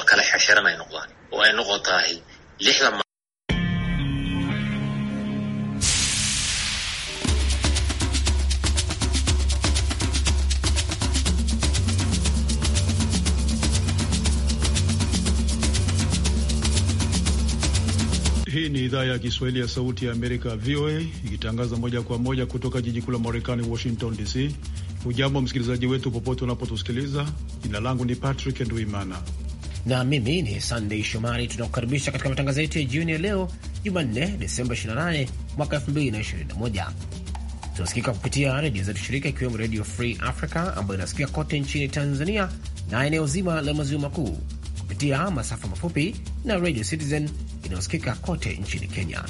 oo kale xirxiran ay noqdaan oo ay tahay lixda Hii ni idhaa ya Kiswahili ya Sauti ya Amerika, VOA, ikitangaza moja kwa moja kutoka jiji kuu la Marekani, Washington DC. Ujambo msikilizaji wetu popote unapotusikiliza. Jina langu ni Patrick Ndwimana na mimi ni Sandey Shomari. Tunakukaribisha katika matangazo yetu ya jioni ya leo Jumanne, Desemba 28 mwaka 2021. Tunasikika kupitia redio zetu shirika, ikiwemo Redio Free Africa ambayo inasikika kote nchini Tanzania na eneo zima la maziwa makuu kupitia masafa mafupi na Radio Citizen inayosikika kote nchini Kenya.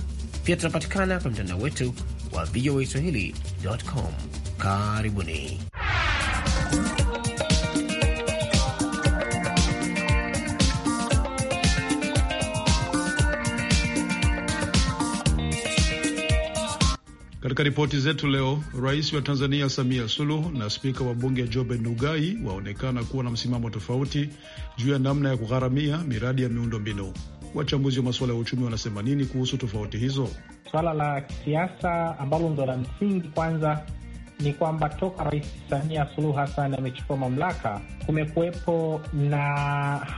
Pia tunapatikana kwenye mtandao wetu wa VOA Swahili.com. Karibuni. Katika ripoti zetu leo, rais wa Tanzania Samia Suluhu na spika wa bunge Jobe Ndugai waonekana kuwa na msimamo tofauti juu ya namna ya kugharamia miradi ya miundombinu. Wachambuzi wa masuala ya uchumi wanasema nini kuhusu tofauti hizo? Swala la kisiasa ambalo ndo la msingi kwanza ni kwamba toka Rais Samia Suluhu Hassan amechukua mamlaka, kumekuwepo na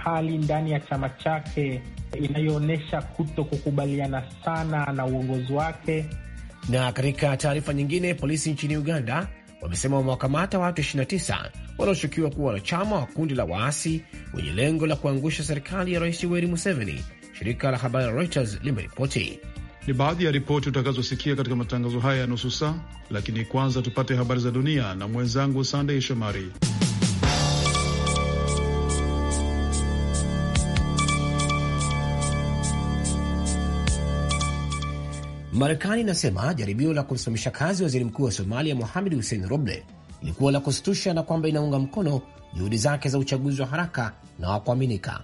hali ndani ya chama chake inayoonyesha kuto kukubaliana sana na uongozi wake na katika taarifa nyingine, polisi nchini Uganda wamesema wamewakamata watu 29 wanaoshukiwa kuwa wanachama wa kundi la waasi wenye lengo la kuangusha serikali ya Rais Yoweri Museveni. Shirika la habari la Reuters limeripoti. Ni baadhi ya ripoti utakazosikia katika matangazo haya ya nusu saa, lakini kwanza tupate habari za dunia na mwenzangu Sandey Shomari. Marekani inasema jaribio la kumsimamisha kazi waziri mkuu wa Somalia Mohamed Hussein Roble ilikuwa la kusitusha na kwamba inaunga mkono juhudi zake za uchaguzi wa haraka na wa kuaminika.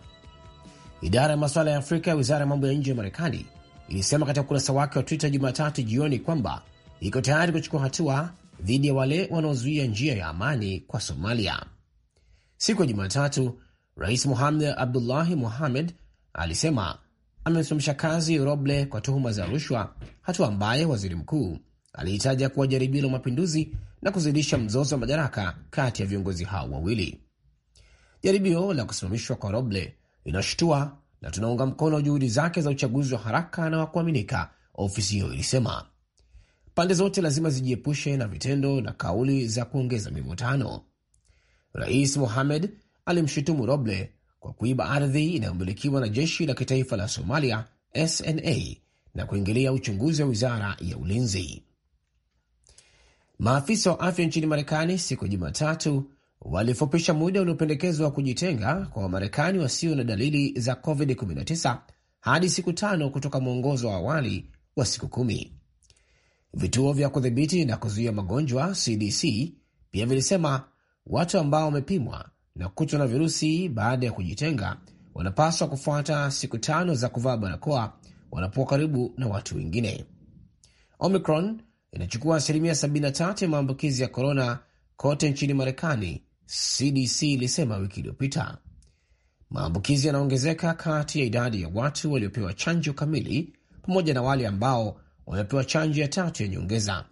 Idara ya masuala ya Afrika ya wizara ya mambo ya nje ya Marekani ilisema katika ukurasa wake wa Twitter Jumatatu jioni kwamba iko tayari kuchukua hatua dhidi ya wale wanaozuia njia ya amani kwa Somalia. Siku ya Jumatatu, Rais Mohamed Abdullahi Mohamed alisema amemsimamisha kazi Roble kwa tuhuma za rushwa, hatua ambaye waziri mkuu aliitaja kuwa jaribio la mapinduzi na kuzidisha mzozo wa madaraka kati ya viongozi hao wawili. Jaribio la kusimamishwa kwa Roble linashutua na tunaunga mkono juhudi zake za uchaguzi wa haraka na wa kuaminika, ofisi hiyo ilisema. Pande zote lazima zijiepushe na vitendo na kauli za kuongeza mivutano. Rais Mohamed alimshutumu Roble kwa kuiba ardhi inayomilikiwa na jeshi la kitaifa la Somalia SNA na kuingilia uchunguzi wa wizara ya ulinzi. Maafisa wa afya nchini Marekani siku ya Jumatatu walifupisha muda uliopendekezwa wa kujitenga kwa Wamarekani wasio na dalili za COVID-19 hadi siku tano kutoka mwongozo wa awali wa siku kumi. Vituo vya kudhibiti na kuzuia magonjwa CDC pia vilisema watu ambao wamepimwa na kutwa na virusi baada ya kujitenga wanapaswa kufuata siku tano za kuvaa barakoa wanapokuwa karibu na watu wengine. Omicron inachukua asilimia 73 ya maambukizi ya korona kote nchini Marekani, CDC ilisema wiki iliyopita. Maambukizi yanaongezeka kati ya idadi ya watu waliopewa chanjo kamili pamoja na wale ambao wamepewa chanjo ya tatu ya nyongeza.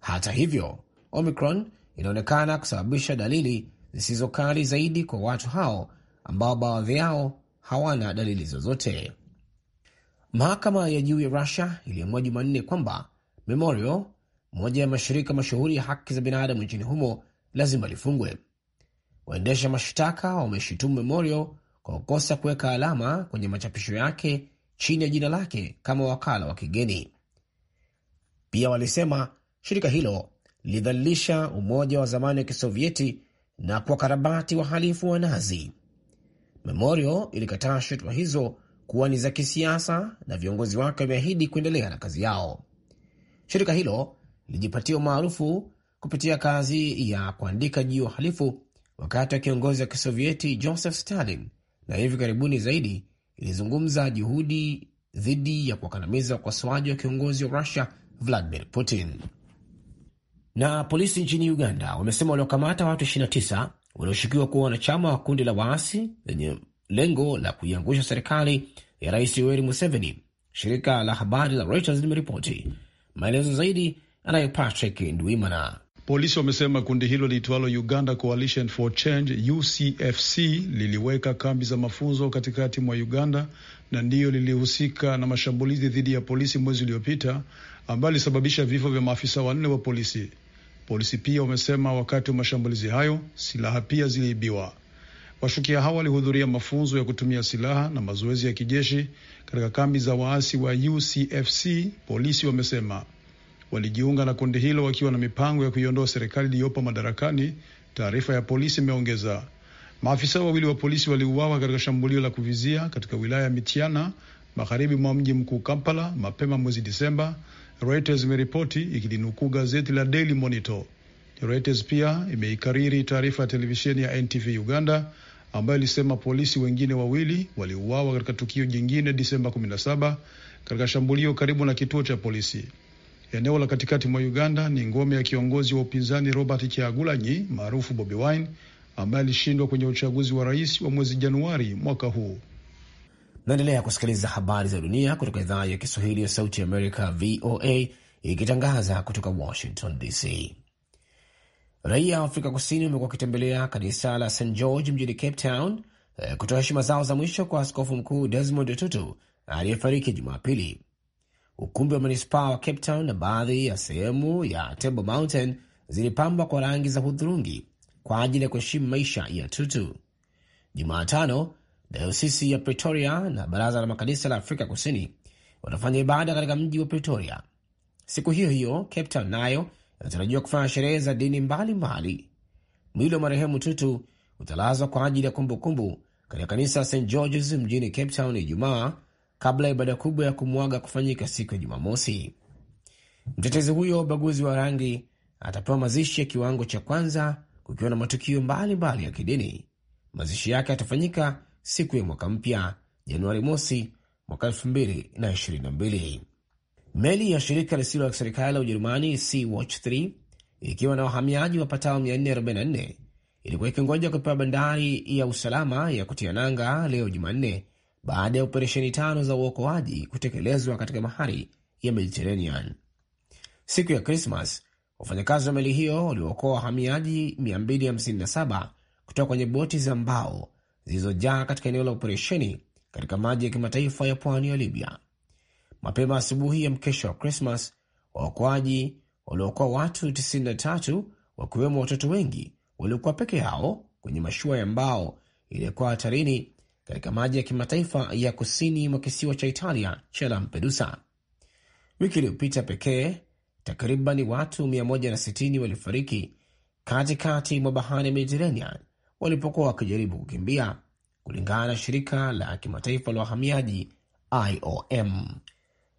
Hata hivyo, Omicron inaonekana kusababisha dalili zisizo kali zaidi kwa watu hao ambao baadhi yao hawana dalili zozote. Mahakama ya juu ya Rusia iliamua Jumanne kwamba Memorial, moja ya mashirika mashuhuri ya haki za binadamu nchini humo, lazima lifungwe. Waendesha mashtaka wameshutumu Memorial kwa kukosa kuweka alama kwenye machapisho yake chini ya jina lake kama wakala wa kigeni. Pia walisema shirika hilo lilidhalilisha umoja wa zamani wa Kisovieti na karabati wahalifu wa Nazi. Memorial ilikataa shutuma hizo kuwa ni za kisiasa na viongozi wake wameahidi kuendelea na kazi yao. Shirika hilo lilijipatia umaarufu kupitia kazi ya kuandika juu ya uhalifu wakati wa kiongozi wa Kisovieti Joseph Stalin, na hivi karibuni zaidi ilizungumza juhudi dhidi ya kuwakandamiza ukosoaji wa kiongozi wa Rusia Vladimir Putin. Na polisi nchini Uganda wamesema waliokamata watu 29 walioshukiwa kuwa wanachama wa kundi la waasi lenye lengo la kuiangusha serikali ya Rais Yoweri Museveni, shirika la habari la Reuters limeripoti. Maelezo zaidi anayo Patrick Ndwimana. Polisi wamesema kundi hilo liitwalo Uganda Coalition for Change UCFC liliweka kambi za mafunzo katikati mwa Uganda na ndiyo lilihusika na mashambulizi dhidi ya polisi mwezi uliopita ambayo ilisababisha vifo vya maafisa wanne wa polisi. Polisi pia wamesema wakati wa mashambulizi hayo silaha pia ziliibiwa. Washukia hao walihudhuria mafunzo ya kutumia silaha na mazoezi ya kijeshi katika kambi za waasi wa UCFC. Polisi wamesema walijiunga na kundi hilo wakiwa na mipango ya kuiondoa serikali iliyopo madarakani, taarifa ya polisi imeongeza. Maafisa wawili wa polisi waliuawa katika shambulio la kuvizia katika wilaya ya Mitiana magharibi mwa mji mkuu Kampala mapema mwezi Disemba, Reuters imeripoti ikilinukuu gazeti la Daily Monitor. Reuters pia imeikariri taarifa ya televisheni ya NTV Uganda ambayo ilisema polisi wengine wawili waliuawa katika tukio jingine Disemba 17 katika shambulio karibu na kituo cha polisi. Eneo la katikati mwa Uganda ni ngome ya kiongozi wa upinzani Robert Kyagulanyi maarufu Bobi Wine ambaye alishindwa kwenye uchaguzi wa rais wa mwezi Januari mwaka huu. Naendelea kusikiliza habari za dunia kutoka idhaa ya Kiswahili ya Sauti Amerika, VOA, ikitangaza kutoka Washington DC. Raia wa Afrika Kusini wamekuwa wakitembelea kanisa la St George mjini Cape Town eh, kutoa heshima zao za mwisho kwa askofu mkuu Desmond Tutu aliyefariki Jumapili. Ukumbi wa manispaa wa Cape Town na baadhi ya sehemu ya Table Mountain zilipambwa kwa rangi za hudhurungi kwa ajili ya kuheshimu maisha ya Tutu. Jumatano dayosisi ya Pretoria na baraza la makanisa la Afrika Kusini watafanya ibada katika mji wa Pretoria. Siku hiyo hiyo, Cape Town nayo inatarajiwa kufanya sherehe za dini mbalimbali. Mwili wa marehemu Tutu utalazwa kwa ajili ya kumbukumbu katika kanisa St Georges mjini Cape Town Ijumaa, kabla ibada kubwa ya kumwaga kufanyika siku ya Jumamosi. Mtetezi huyo wa ubaguzi wa rangi atapewa mazishi ya kiwango cha kwanza, kukiwa na matukio mbalimbali mbali ya kidini. Mazishi yake yatafanyika siku ya mwaka mpya Januari mosi mwaka elfu mbili na ishirini na mbili. Meli ya shirika lisilo la serikali la Ujerumani Sea Watch 3 ikiwa na wahamiaji wapatao 444 ilikuwa ikingoja kupewa bandari ya usalama ya kutia nanga leo Jumanne baada ya operesheni tano za uokoaji kutekelezwa katika bahari ya Mediterranean. Siku ya Krismas, wafanyakazi wa meli hiyo waliookoa wahamiaji 257 kutoka kwenye boti za mbao zilizojaa katika eneo la operesheni katika maji ya kimataifa ya pwani ya Libya. Mapema asubuhi ya mkesha wa Krismas, waokoaji waliokoa watu 93 wakiwemo watoto wengi waliokuwa peke yao kwenye mashua ya mbao iliyokuwa hatarini katika maji ya kimataifa ya kusini mwa kisiwa cha Italia cha Lampedusa. Wiki iliyopita pekee takriban watu 160 walifariki katikati mwa bahari ya Mediterranean walipokuwa wakijaribu kukimbia, kulingana na shirika la kimataifa la wahamiaji IOM.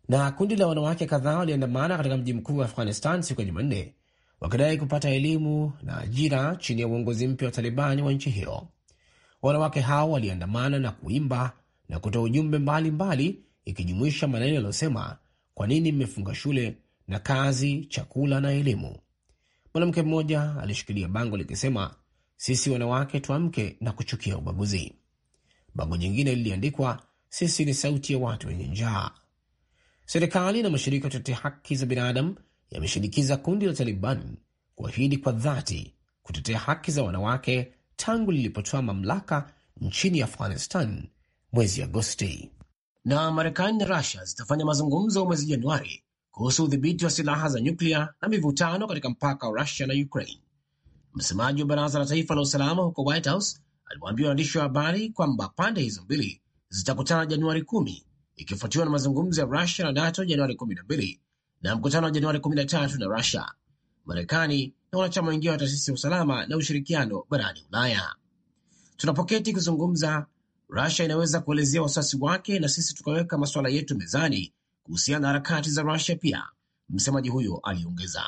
Na kundi la wanawake kadhaa waliandamana katika mji mkuu wa Afghanistan siku ya Jumanne wakidai kupata elimu na ajira chini ya uongozi mpya wa Talibani wa nchi hiyo. Wanawake hao waliandamana na kuimba na kutoa ujumbe mbalimbali, ikijumuisha maneno yaliyosema kwa nini mmefunga shule na kazi, chakula na elimu. Mwanamke mmoja alishikilia bango likisema sisi wanawake tuamke na kuchukia ubaguzi. Bango jingine liliandikwa, sisi ni sauti ya watu wenye njaa. Serikali na mashirika ya kutetea haki za binadamu yameshinikiza kundi la Taliban kuahidi kwa dhati kutetea haki za wanawake tangu lilipotoa mamlaka nchini Afghanistan mwezi Agosti. Na Marekani na Rusia zitafanya mazungumzo mwezi Januari kuhusu udhibiti wa silaha za nyuklia na mivutano katika mpaka wa Rusia na Ukraine. Msemaji wa baraza la taifa la usalama huko White House aliwaambia waandishi wa habari kwamba pande hizo mbili zitakutana Januari kumi, ikifuatiwa na mazungumzo ya Rusia na NATO Januari kumi na mbili na mkutano wa Januari kumi na tatu na Rusia, Marekani na wanachama wengine wa taasisi ya usalama na ushirikiano barani Ulaya. Tunapoketi kuzungumza, Rusia inaweza kuelezea wasiwasi wake na sisi tukaweka masuala yetu mezani kuhusiana na harakati za Rusia pia, msemaji huyo aliongeza.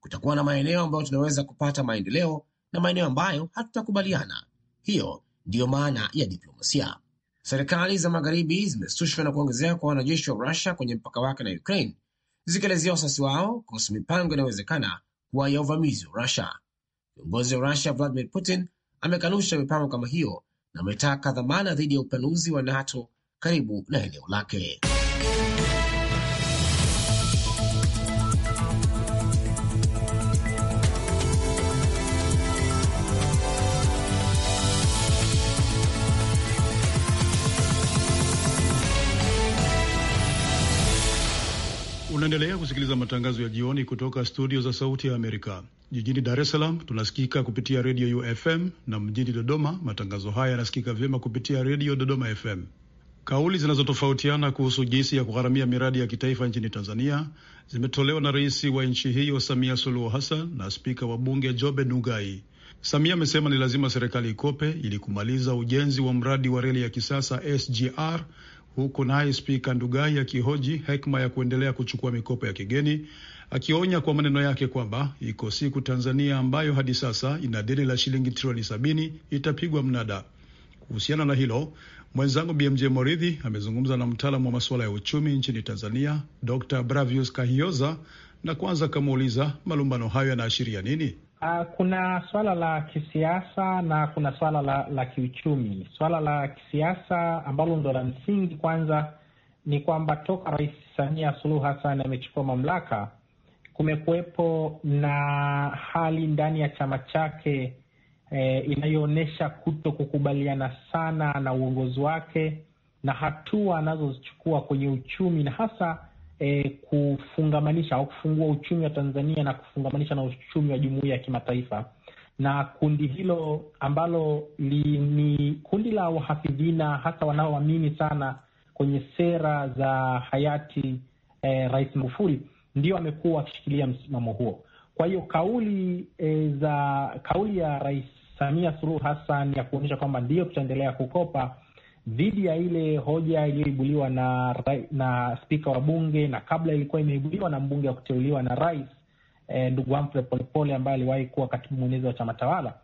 Kutakuwa na maeneo ambayo tunaweza kupata maendeleo na maeneo ambayo hatutakubaliana. Hiyo ndiyo maana ya diplomasia. Serikali za magharibi zimestushwa na kuongezeka kwa wanajeshi wa Rusia kwenye mpaka wake na Ukraine, zikielezea wasiwasi wao kuhusu mipango inayowezekana kuwa ya uvamizi wa Rusia. Kiongozi wa Rusia Vladimir Putin amekanusha mipango kama hiyo na ametaka dhamana dhidi ya upanuzi wa NATO karibu na eneo lake. Unaendelea kusikiliza matangazo ya jioni kutoka studio za Sauti ya Amerika jijini Dar es Salaam. Tunasikika kupitia redio UFM na mjini Dodoma matangazo haya yanasikika vyema kupitia redio Dodoma FM. Kauli zinazotofautiana kuhusu jinsi ya kugharamia miradi ya kitaifa nchini Tanzania zimetolewa na rais wa nchi hiyo Samia Suluhu Hassan na spika wa bunge Jobe nugai Samia amesema ni lazima serikali ikope ili kumaliza ujenzi wa mradi wa reli ya kisasa SGR huku naye Spika Ndugai akihoji hekima ya kuendelea kuchukua mikopo ya kigeni, akionya kwa maneno yake kwamba iko siku Tanzania ambayo hadi sasa ina deni la shilingi trilioni sabini itapigwa mnada. Kuhusiana na hilo, mwenzangu BMJ Moridhi amezungumza na mtaalamu wa masuala ya uchumi nchini Tanzania, Dr Bravius Kahioza, na kwanza akamuuliza malumbano hayo yanaashiria nini. Uh, kuna swala la kisiasa na kuna swala la, la kiuchumi. Swala la kisiasa ambalo ndo la msingi kwanza ni kwamba toka Rais Samia Suluhu Hassan amechukua mamlaka, kumekuwepo na hali ndani ya chama chake eh, inayoonyesha kuto kukubaliana sana na uongozi wake na hatua anazozichukua kwenye uchumi na hasa e, kufungamanisha au kufungua uchumi wa Tanzania na kufungamanisha na uchumi wa jumuiya ya kimataifa. Na kundi hilo ambalo li, ni kundi la wahafidhina hasa wanaoamini sana kwenye sera za hayati eh, Rais Magufuli ndio amekuwa wakishikilia msimamo huo. Kwa hiyo kauli eh, za kauli ya Rais Samia Suluhu Hassan ya kuonyesha kwamba ndio tutaendelea kukopa dhidi ya ile hoja iliyoibuliwa na, na spika wa bunge na kabla ilikuwa imeibuliwa na mbunge wa kuteuliwa na rais eh, ndugu Humphrey Polepole ambaye aliwahi kuwa katibu mwenezi wa chama tawala,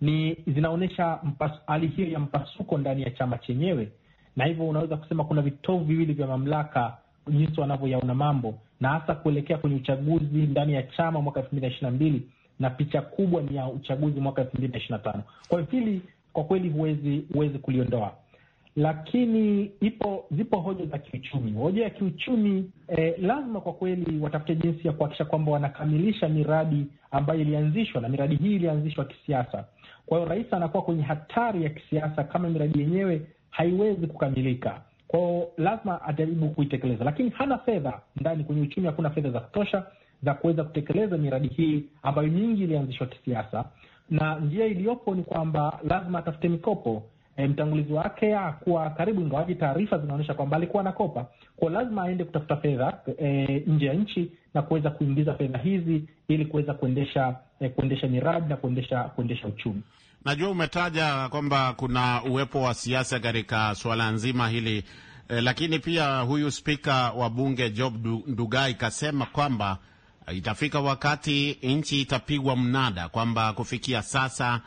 ni zinaonyesha hali hiyo ya mpasuko ndani ya chama chenyewe, na hivyo unaweza kusema kuna vitovu viwili vya mamlaka jinsi wanavyoyaona mambo, na hasa kuelekea kwenye uchaguzi ndani ya chama mwaka elfu mbili na ishirini na mbili na picha kubwa ni ya uchaguzi mwaka elfu mbili na ishirini na tano. Kwa hivyo hili kwa kweli huwezi huwezi kuliondoa lakini ipo zipo hoja za kiuchumi. Hoja ya kiuchumi eh, lazima kwa kweli watafute jinsi ya kuhakikisha kwamba wanakamilisha miradi ambayo ilianzishwa, na miradi hii ilianzishwa kisiasa. Kwa hiyo rais anakuwa kwenye hatari ya kisiasa kama miradi yenyewe haiwezi kukamilika. Kwa hiyo lazima ajaribu kuitekeleza, lakini hana fedha ndani. Kwenye uchumi hakuna fedha za kutosha za kuweza kutekeleza miradi hii ambayo mingi ilianzishwa kisiasa, na njia iliyopo ni kwamba lazima atafute mikopo e, mtangulizi wake akuwa karibu, ingawaji taarifa zinaonyesha kwamba alikuwa anakopa, kwa lazima aende kutafuta fedha e, nje ya nchi na kuweza kuingiza fedha hizi ili kuweza kuendesha e, kuendesha miradi na kuendesha kuendesha uchumi. Najua umetaja kwamba kuna uwepo wa siasa katika suala nzima hili e, lakini pia huyu spika wa bunge Job Ndugai kasema kwamba itafika wakati nchi itapigwa mnada, kwamba kufikia sasa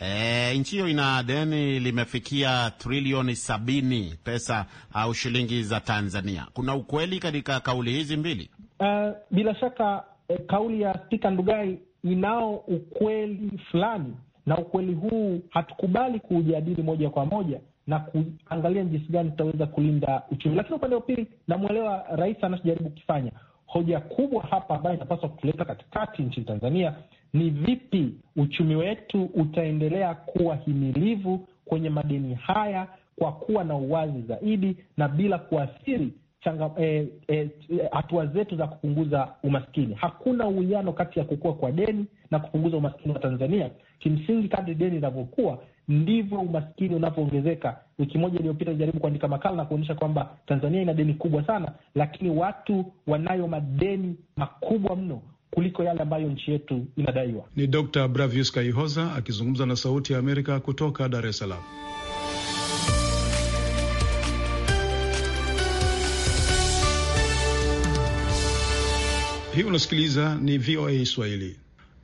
E, nchi hiyo ina deni limefikia trilioni sabini pesa au shilingi za Tanzania. Kuna ukweli katika kauli hizi mbili? Uh, bila shaka eh, kauli ya Spika Ndugai inao ukweli fulani, na ukweli huu hatukubali kuujadili moja kwa moja na kuangalia jinsi gani tutaweza kulinda uchumi. Lakini upande wa pili, namwelewa rais anachojaribu kukifanya. Hoja kubwa hapa ambayo inapaswa kutuleta katikati nchini Tanzania ni vipi uchumi wetu utaendelea kuwa himilivu kwenye madeni haya kwa kuwa na uwazi zaidi na bila kuathiri hatua eh, eh, zetu za kupunguza umaskini. Hakuna uwiano kati ya kukua kwa deni na kupunguza umaskini wa Tanzania. Kimsingi, kadri deni linavyokuwa ndivyo umaskini unavyoongezeka. Wiki moja iliyopita ijaribu kuandika makala na kuonyesha kwamba Tanzania ina deni kubwa sana, lakini watu wanayo madeni makubwa mno kuliko yale ambayo nchi yetu inadaiwa. Ni Dr. Bravius Kaihoza akizungumza na Sauti ya Amerika kutoka Dar es Salaam. Hii unasikiliza ni VOA Swahili.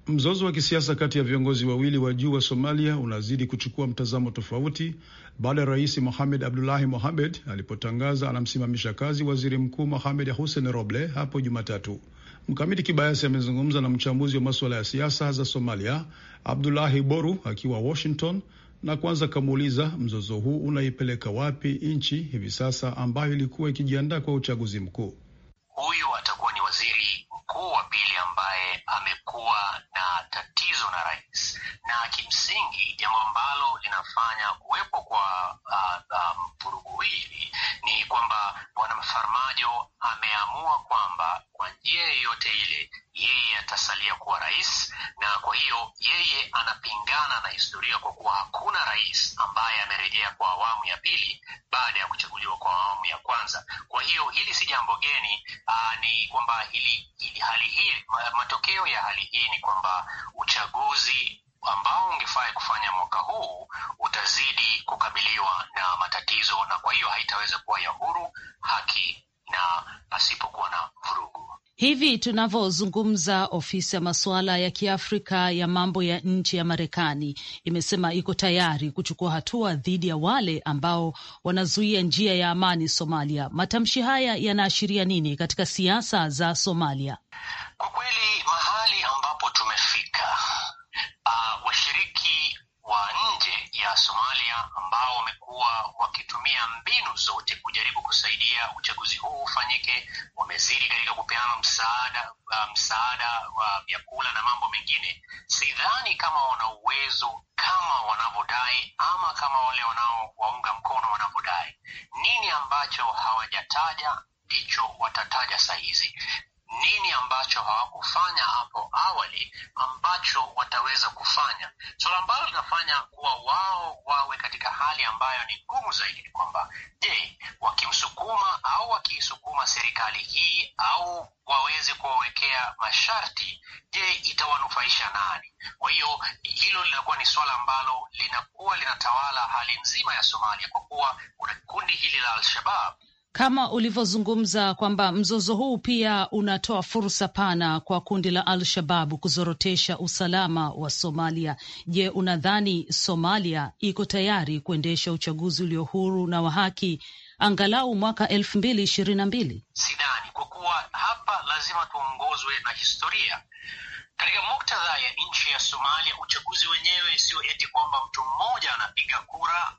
Mzozo wa kisiasa kati ya viongozi wawili wa juu wa Somalia unazidi kuchukua mtazamo tofauti baada ya Rais Mohamed Abdullahi Mohamed alipotangaza anamsimamisha kazi Waziri Mkuu Mohamed Hussein Roble hapo Jumatatu. Mkamiti Kibayasi amezungumza na mchambuzi wa masuala ya siasa za Somalia Abdulahi Boru akiwa Washington, na kwanza kamuuliza mzozo huu unaipeleka wapi nchi hivi sasa ambayo ilikuwa ikijiandaa kwa uchaguzi mkuu. Huyu atakuwa ni waziri mkuu wa pili ambaye amekuwa tatizo na rais, na kimsingi jambo ambalo linafanya kuwepo kwa uh, uh, vurugu uh, um, hili ni kwamba bwana Farmajo ameamua kwamba kwa njia yeyote ile yeye atasalia kuwa rais, na kwa hiyo yeye anapingana na historia kwa kuwa hakuna rais ambaye amerejea kwa awamu ya pili baada ya kuchaguliwa kwa awamu ya kwanza. Kwa hiyo hili si jambo geni, uh, ni kwamba hili, hili hali hii, matokeo ya hali hii ni kwamba uchaguzi ambao ungefai kufanya mwaka huu utazidi kukabiliwa na matatizo, na kwa hiyo haitaweza kuwa ya huru, haki na pasipokuwa na vurugu. Hivi tunavyozungumza, ofisi ya masuala ya Kiafrika ya mambo ya nje ya Marekani imesema iko tayari kuchukua hatua dhidi ya wale ambao wanazuia njia ya amani Somalia. Matamshi haya yanaashiria nini katika siasa za Somalia? Kwa kweli mahali ambapo tumefika. Uh, washiriki wa nje ya Somalia ambao wamekuwa wakitumia mbinu zote kujaribu kusaidia uchaguzi huu ufanyike wamezidi katika kupeana msaada uh, msaada wa vyakula na mambo mengine. Sidhani kama wana uwezo kama wanavyodai ama kama wale wanaowaunga mkono wanavyodai. Nini ambacho hawajataja ndicho watataja saa hizi nini ambacho hawakufanya hapo awali ambacho wataweza kufanya. Suala ambalo linafanya kuwa wao wawe katika hali ambayo ni ngumu zaidi ni kwamba, je, wakimsukuma au wakiisukuma serikali hii au waweze kuwawekea masharti, je, itawanufaisha nani? Kwa hiyo hilo linakuwa ni suala ambalo linakuwa linatawala hali nzima ya Somalia, kwa kuwa kuna kundi hili la Al-Shabab kama ulivyozungumza kwamba mzozo huu pia unatoa fursa pana kwa kundi la Al-Shababu kuzorotesha usalama wa Somalia. Je, unadhani Somalia iko tayari kuendesha uchaguzi ulio huru na wa haki angalau mwaka elfu mbili ishirini na mbili? Sidani, kwa kuwa hapa lazima tuongozwe na historia. Katika muktadha ya nchi ya Somalia, uchaguzi wenyewe sio eti kwamba mtu mmoja anapiga kura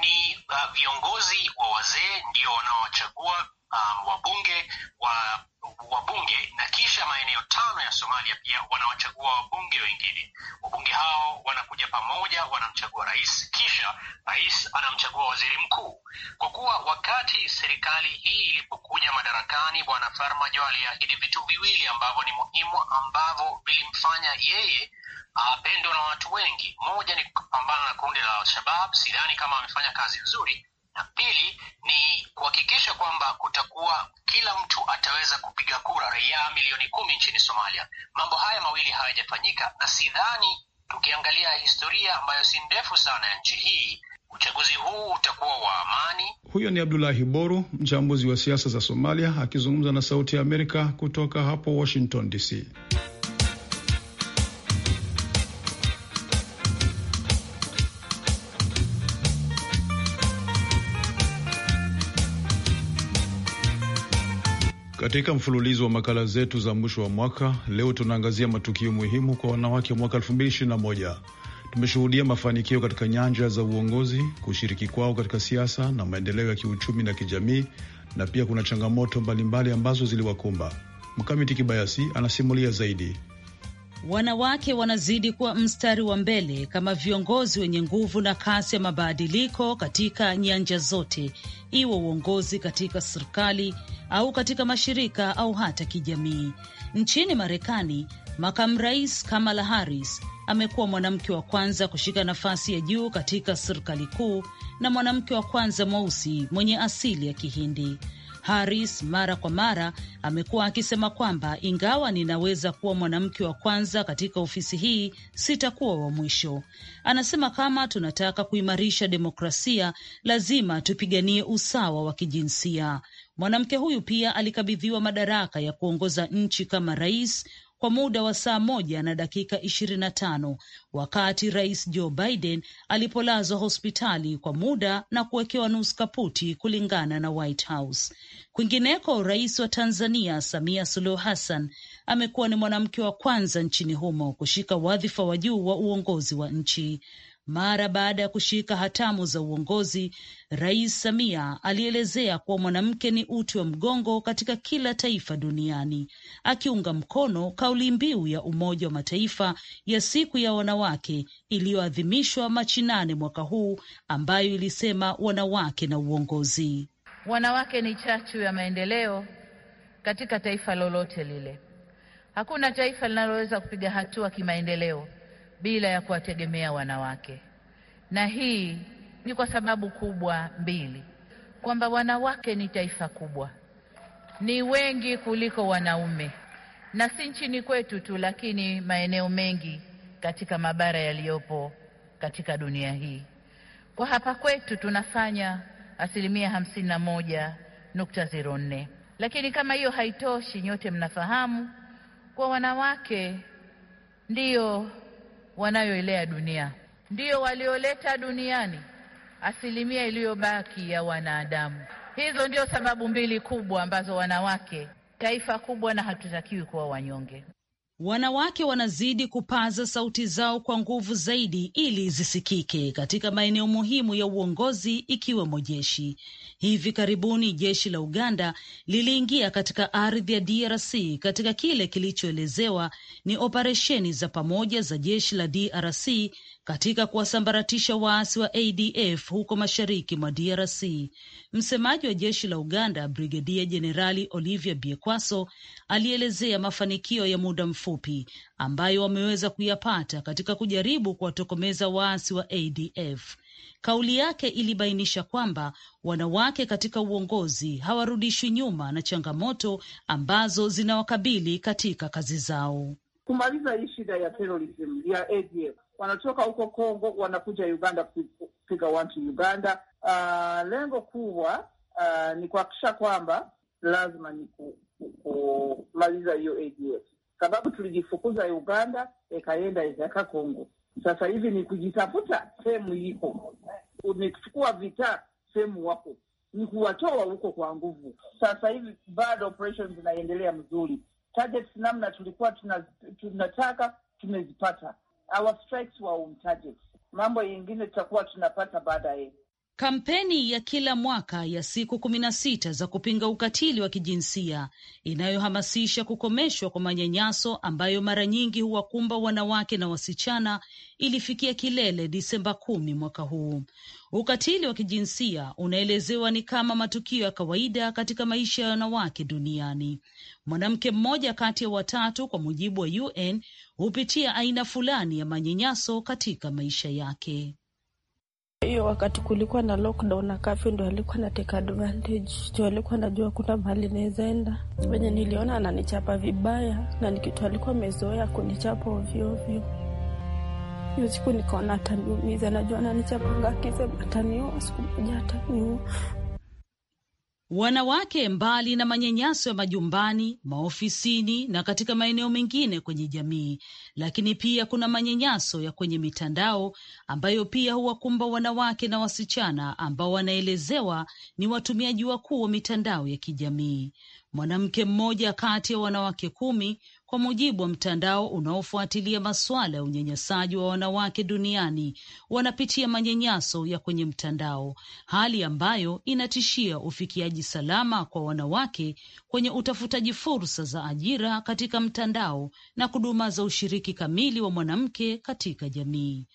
ni uh, viongozi wa wazee ndio wanaowachagua um, wabunge wa wabunge na kisha maeneo tano ya Somalia pia wanawachagua wabunge wengine. Wabunge hao wanakuja pamoja, wanamchagua rais, kisha rais anamchagua waziri mkuu. Kwa kuwa wakati serikali hii ilipokuja madarakani, Bwana Farmajo aliahidi vitu viwili ambavyo ni muhimu, ambavyo vilimfanya yeye apendwa ah, na watu wengi. Moja ni kupambana na kundi la Al-Shabab, sidhani kama amefanya kazi nzuri, na pili ni kuhakikisha kwamba kutakuwa kila mtu ataweza kupiga kura, raia milioni kumi nchini Somalia. Mambo haya mawili hayajafanyika, na sidhani, tukiangalia historia ambayo si ndefu sana ya nchi hii, uchaguzi huu utakuwa wa amani. Huyo ni Abdulahi Boru, mchambuzi wa siasa za Somalia, akizungumza na Sauti ya Amerika kutoka hapo Washington DC. Katika mfululizo wa makala zetu za mwisho wa mwaka, leo tunaangazia matukio muhimu kwa wanawake mwaka elfu Tumeshuhudia mafanikio katika nyanja za uongozi, kushiriki kwao katika siasa na maendeleo ya kiuchumi na kijamii, na pia kuna changamoto mbalimbali ambazo ziliwakumba. Mkamiti Kibayasi anasimulia zaidi. Wanawake wanazidi kuwa mstari wa mbele kama viongozi wenye nguvu na kasi ya mabadiliko katika nyanja zote, iwe uongozi katika serikali au katika mashirika au hata kijamii. Nchini Marekani, makamu rais Kamala Harris amekuwa mwanamke wa kwanza kushika nafasi ya juu katika serikali kuu na mwanamke wa kwanza mweusi mwenye asili ya Kihindi. Harris mara kwa mara amekuwa akisema kwamba ingawa ninaweza kuwa mwanamke wa kwanza katika ofisi hii, sitakuwa wa mwisho. Anasema kama tunataka kuimarisha demokrasia, lazima tupiganie usawa wa kijinsia. Mwanamke huyu pia alikabidhiwa madaraka ya kuongoza nchi kama rais kwa muda wa saa moja na dakika ishirini na tano wakati rais Joe Biden alipolazwa hospitali kwa muda na kuwekewa nusu kaputi kulingana na White House. Kwingineko, rais wa Tanzania Samia Suluhu Hassan amekuwa ni mwanamke wa kwanza nchini humo kushika wadhifa wa juu wa uongozi wa nchi. Mara baada ya kushika hatamu za uongozi, Rais Samia alielezea kuwa mwanamke ni uti wa mgongo katika kila taifa duniani, akiunga mkono kauli mbiu ya Umoja wa Mataifa ya siku ya wanawake iliyoadhimishwa Machi nane mwaka huu, ambayo ilisema wanawake na uongozi. Wanawake ni chachu ya maendeleo katika taifa lolote lile. Hakuna taifa linaloweza kupiga hatua kimaendeleo bila ya kuwategemea wanawake, na hii ni kwa sababu kubwa mbili, kwamba wanawake ni taifa kubwa, ni wengi kuliko wanaume, na si nchini kwetu tu, lakini maeneo mengi katika mabara yaliyopo katika dunia hii. Kwa hapa kwetu tunafanya asilimia hamsini na moja nukta zero nne, lakini kama hiyo haitoshi, nyote mnafahamu kwa wanawake ndiyo wanayoilea dunia. Ndiyo walioleta duniani asilimia iliyobaki ya wanadamu. Hizo ndio sababu mbili kubwa ambazo wanawake taifa kubwa, na hatutakiwi kuwa wanyonge. Wanawake wanazidi kupaza sauti zao kwa nguvu zaidi ili zisikike katika maeneo muhimu ya uongozi ikiwemo jeshi. Hivi karibuni jeshi la Uganda liliingia katika ardhi ya DRC katika kile kilichoelezewa ni operesheni za pamoja za jeshi la DRC katika kuwasambaratisha waasi wa ADF huko mashariki mwa DRC. Msemaji wa jeshi la Uganda, Brigedia Jenerali Olivia Biekwaso, alielezea mafanikio ya muda mfupi ambayo wameweza kuyapata katika kujaribu kuwatokomeza waasi wa ADF. Kauli yake ilibainisha kwamba wanawake katika uongozi hawarudishwi nyuma na changamoto ambazo zinawakabili katika kazi zao. Kumaliza hii shida ya terorism ya ADF wanatoka huko Kongo wanakuja Uganda kupiga wantu Uganda. Uh, lengo kubwa uh, ni kuhakikisha kwamba lazima ni kumaliza hiyo ADF sababu tulijifukuza Uganda ikaenda ikaweka Kongo. Sasa hivi ni kujitafuta sehemu iko, nikuchukua vitaa vita sehemu wako, ni kuwatoa huko kwa nguvu. Sasa hivi bado operations zinaendelea mzuri, targets namna tulikuwa tunataka tumezipata our strikes were on target. Mambo yingine tutakuwa tunapata baadaye. Kampeni ya kila mwaka ya siku kumi na sita za kupinga ukatili wa kijinsia inayohamasisha kukomeshwa kwa manyanyaso ambayo mara nyingi huwakumba wanawake na wasichana ilifikia kilele Disemba kumi mwaka huu. Ukatili wa kijinsia unaelezewa ni kama matukio ya kawaida katika maisha ya wanawake duniani. Mwanamke mmoja kati ya watatu, kwa mujibu wa UN, hupitia aina fulani ya manyanyaso katika maisha yake hiyo wakati kulikuwa na lockdown na kafyu, ndo alikuwa na take advantage, ndo alikuwa najua kuna mahali naezaenda Venye niliona ananichapa vibaya, na nikitu alikuwa amezoea kunichapa ovyoovyo. Hiyo siku nikaona ataniumiza, najua ananichapanga, akisema ataniua siku moja ataniua. Wanawake mbali na manyanyaso ya majumbani, maofisini na katika maeneo mengine kwenye jamii, lakini pia kuna manyanyaso ya kwenye mitandao ambayo pia huwakumba wanawake na wasichana ambao wanaelezewa ni watumiaji wakuu wa mitandao ya kijamii. Mwanamke mmoja kati ya wanawake kumi, kwa mujibu wa mtandao unaofuatilia masuala ya unyanyasaji wa wanawake duniani, wanapitia manyanyaso ya kwenye mtandao, hali ambayo inatishia ufikiaji salama kwa wanawake kwenye utafutaji fursa za ajira katika mtandao na kudumaza ushiriki ushiriki kamili wa mwanamke katika jamii.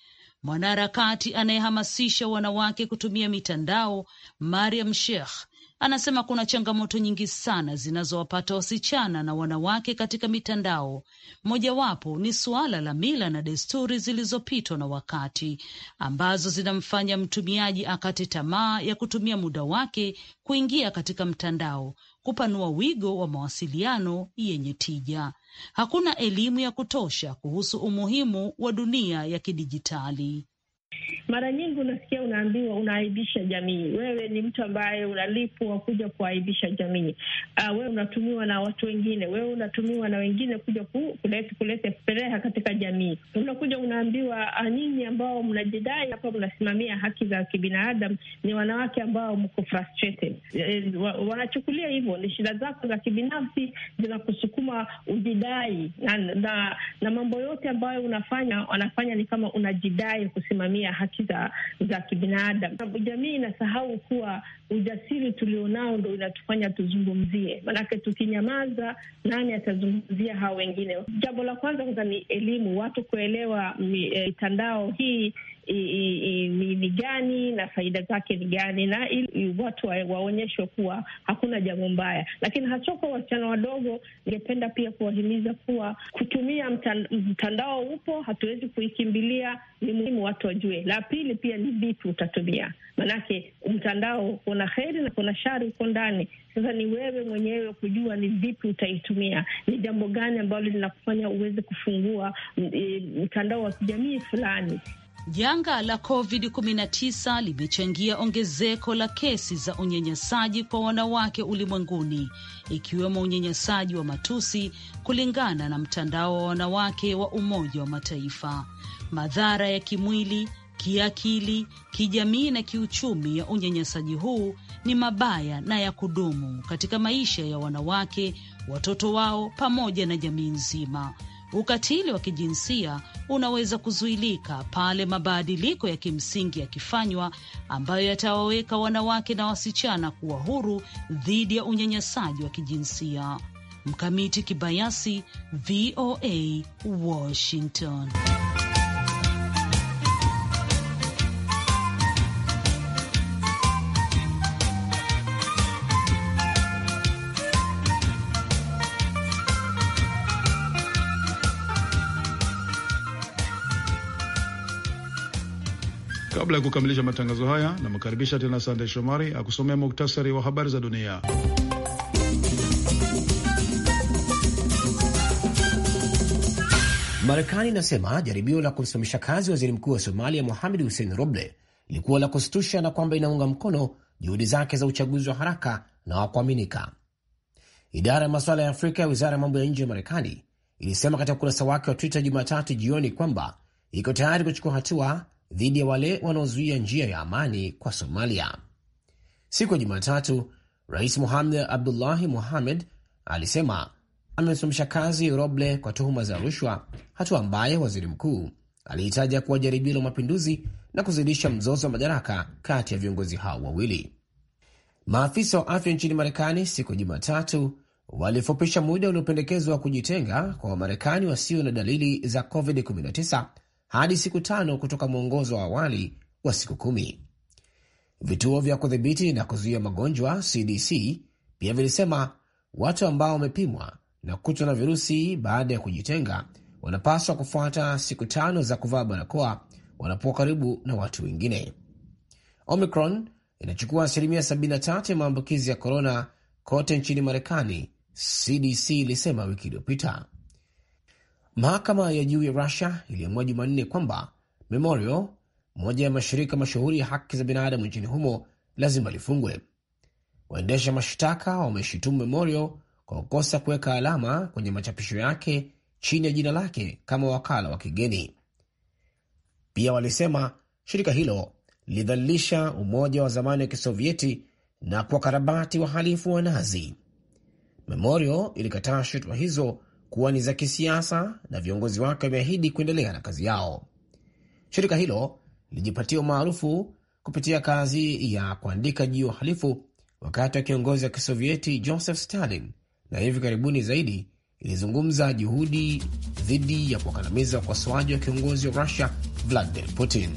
Mwanaharakati anayehamasisha wanawake kutumia mitandao Mariam Sheikh anasema kuna changamoto nyingi sana zinazowapata wasichana na wanawake katika mitandao. Mojawapo ni suala la mila na desturi zilizopitwa na wakati ambazo zinamfanya mtumiaji akate tamaa ya kutumia muda wake kuingia katika mtandao, kupanua wigo wa mawasiliano yenye tija. Hakuna elimu ya kutosha kuhusu umuhimu wa dunia ya kidijitali mara nyingi unasikia unaambiwa unaaibisha jamii, wewe ni mtu ambaye unalipwa kuja kuaibisha jamii. Uh, wewe unatumiwa na watu wengine, wewe unatumiwa na wengine kuja kuleta kuleta fereha katika jamii. Unakuja unaambiwa, uh, nyinyi ambao mnajidai hapa mnasimamia haki za kibinadamu ni wanawake ambao mko frustrated. Eh, wanachukulia hivyo ni shida zako za kibinafsi zinakusukuma ujidai na, na, na mambo yote ambayo unafanya wanafanya ni kama unajidai kusimamia haki za za kibinadamu. Jamii inasahau kuwa ujasiri tulionao ndo inatufanya tuzungumzie, manake tukinyamaza, nani atazungumzia hawa wengine? Jambo la kwanza kwanza ni elimu, watu kuelewa eh, mitandao hii ni gani na faida zake ni gani, na ili watu wa, waonyeshwe kuwa hakuna jambo mbaya. Lakini haswa kwa wasichana wadogo, ningependa pia kuwahimiza kuwa kutumia mtandao, upo, hatuwezi kuikimbilia, ni muhimu watu wajue. La pili pia ni vipi utatumia, maanake mtandao kuna heri na kuna shari huko ndani. Sasa ni wewe mwenyewe kujua ni vipi utaitumia, ni jambo gani ambalo linakufanya uweze kufungua mm, eh, mtandao wa kijamii fulani Janga la COVID-19 limechangia ongezeko la kesi za unyanyasaji kwa wanawake ulimwenguni, ikiwemo unyanyasaji wa matusi, kulingana na mtandao wa wanawake wa Umoja wa Mataifa. Madhara ya kimwili, kiakili, kijamii na kiuchumi ya unyanyasaji huu ni mabaya na ya kudumu katika maisha ya wanawake, watoto wao, pamoja na jamii nzima. Ukatili wa kijinsia unaweza kuzuilika pale mabadiliko ya kimsingi yakifanywa, ambayo yatawaweka wanawake na wasichana kuwa huru dhidi ya unyanyasaji wa kijinsia. Mkamiti Kibayasi, VOA, Washington. Kabla ya kukamilisha matangazo haya, namkaribisha tena Sandey Shomari akusomea muktasari wa habari za dunia. Marekani inasema jaribio la kumsimamisha kazi waziri mkuu wa Somalia Mohamed Hussein Roble ilikuwa la kusitusha na kwamba inaunga mkono juhudi zake za uchaguzi wa haraka na wa kuaminika. Idara ya masuala ya Afrika ya wizara ya mambo ya nje ya Marekani ilisema katika ukurasa wake wa Twitter Jumatatu jioni kwamba iko tayari kuchukua hatua dhidi ya wale wanaozuia njia ya amani kwa Somalia. Siku ya Jumatatu, Rais Mohamed Abdullahi Mohamed alisema amemsimamisha kazi Roble kwa tuhuma za rushwa, hatua ambayo waziri mkuu aliitaja kuwa jaribio la mapinduzi na kuzidisha mzozo wa madaraka kati ya viongozi hao wawili. Maafisa wa afya nchini Marekani siku ya Jumatatu walifupisha muda uliopendekezwa kujitenga kwa Wamarekani wasio na dalili za COVID-19 hadi siku tano kutoka mwongozo wa awali wa siku kumi. Vituo vya kudhibiti na kuzuia magonjwa CDC pia vilisema watu ambao wamepimwa na kutwa na virusi baada ya kujitenga wanapaswa kufuata siku tano za kuvaa barakoa wanapokuwa karibu na watu wengine. Omicron inachukua asilimia 73 ya maambukizi ya korona kote nchini Marekani, CDC ilisema wiki iliyopita. Mahakama ya juu ya Rusia iliamua Jumanne kwamba Memorial, moja ya mashirika mashuhuri ya haki za binadamu nchini humo, lazima lifungwe. Waendesha mashtaka wameshutumu Memorial kwa kukosa kuweka alama kwenye machapisho yake chini ya jina lake kama wakala wa kigeni. Pia walisema shirika hilo lilidhalilisha umoja wa zamani wa Kisovieti na kuwakarabati wahalifu wa Nazi. Memorial ilikataa shutuma hizo kuwa ni za kisiasa na viongozi wake wameahidi kuendelea na kazi yao. Shirika hilo lilijipatia umaarufu kupitia kazi ya kuandika juu ya uhalifu wakati wa kiongozi wa Kisovieti Joseph Stalin, na hivi karibuni zaidi ilizungumza juhudi dhidi ya kuwakandamiza ukosoaji wa kiongozi wa Rusia Vladimir Putin.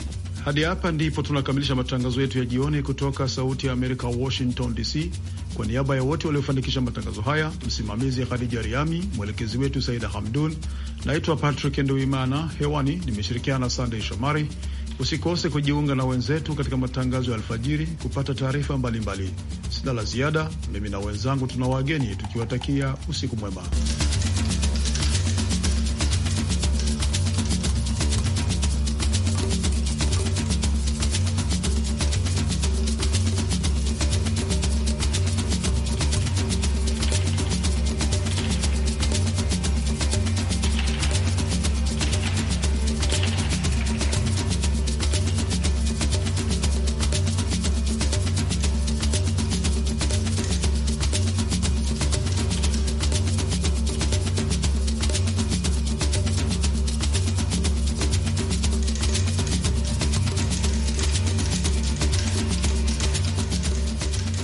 Hadi hapa ndipo tunakamilisha matangazo yetu ya jioni kutoka Sauti ya Amerika, Washington DC. Kwa niaba ya wote waliofanikisha matangazo haya, msimamizi Khadija Riami, mwelekezi wetu Saida Hamdun. Naitwa Patrick Nduimana, hewani nimeshirikiana na Sandey Shomari. Usikose kujiunga na wenzetu katika matangazo ya alfajiri kupata taarifa mbalimbali. Sina la ziada, mimi na wenzangu tuna wageni tukiwatakia usiku mwema.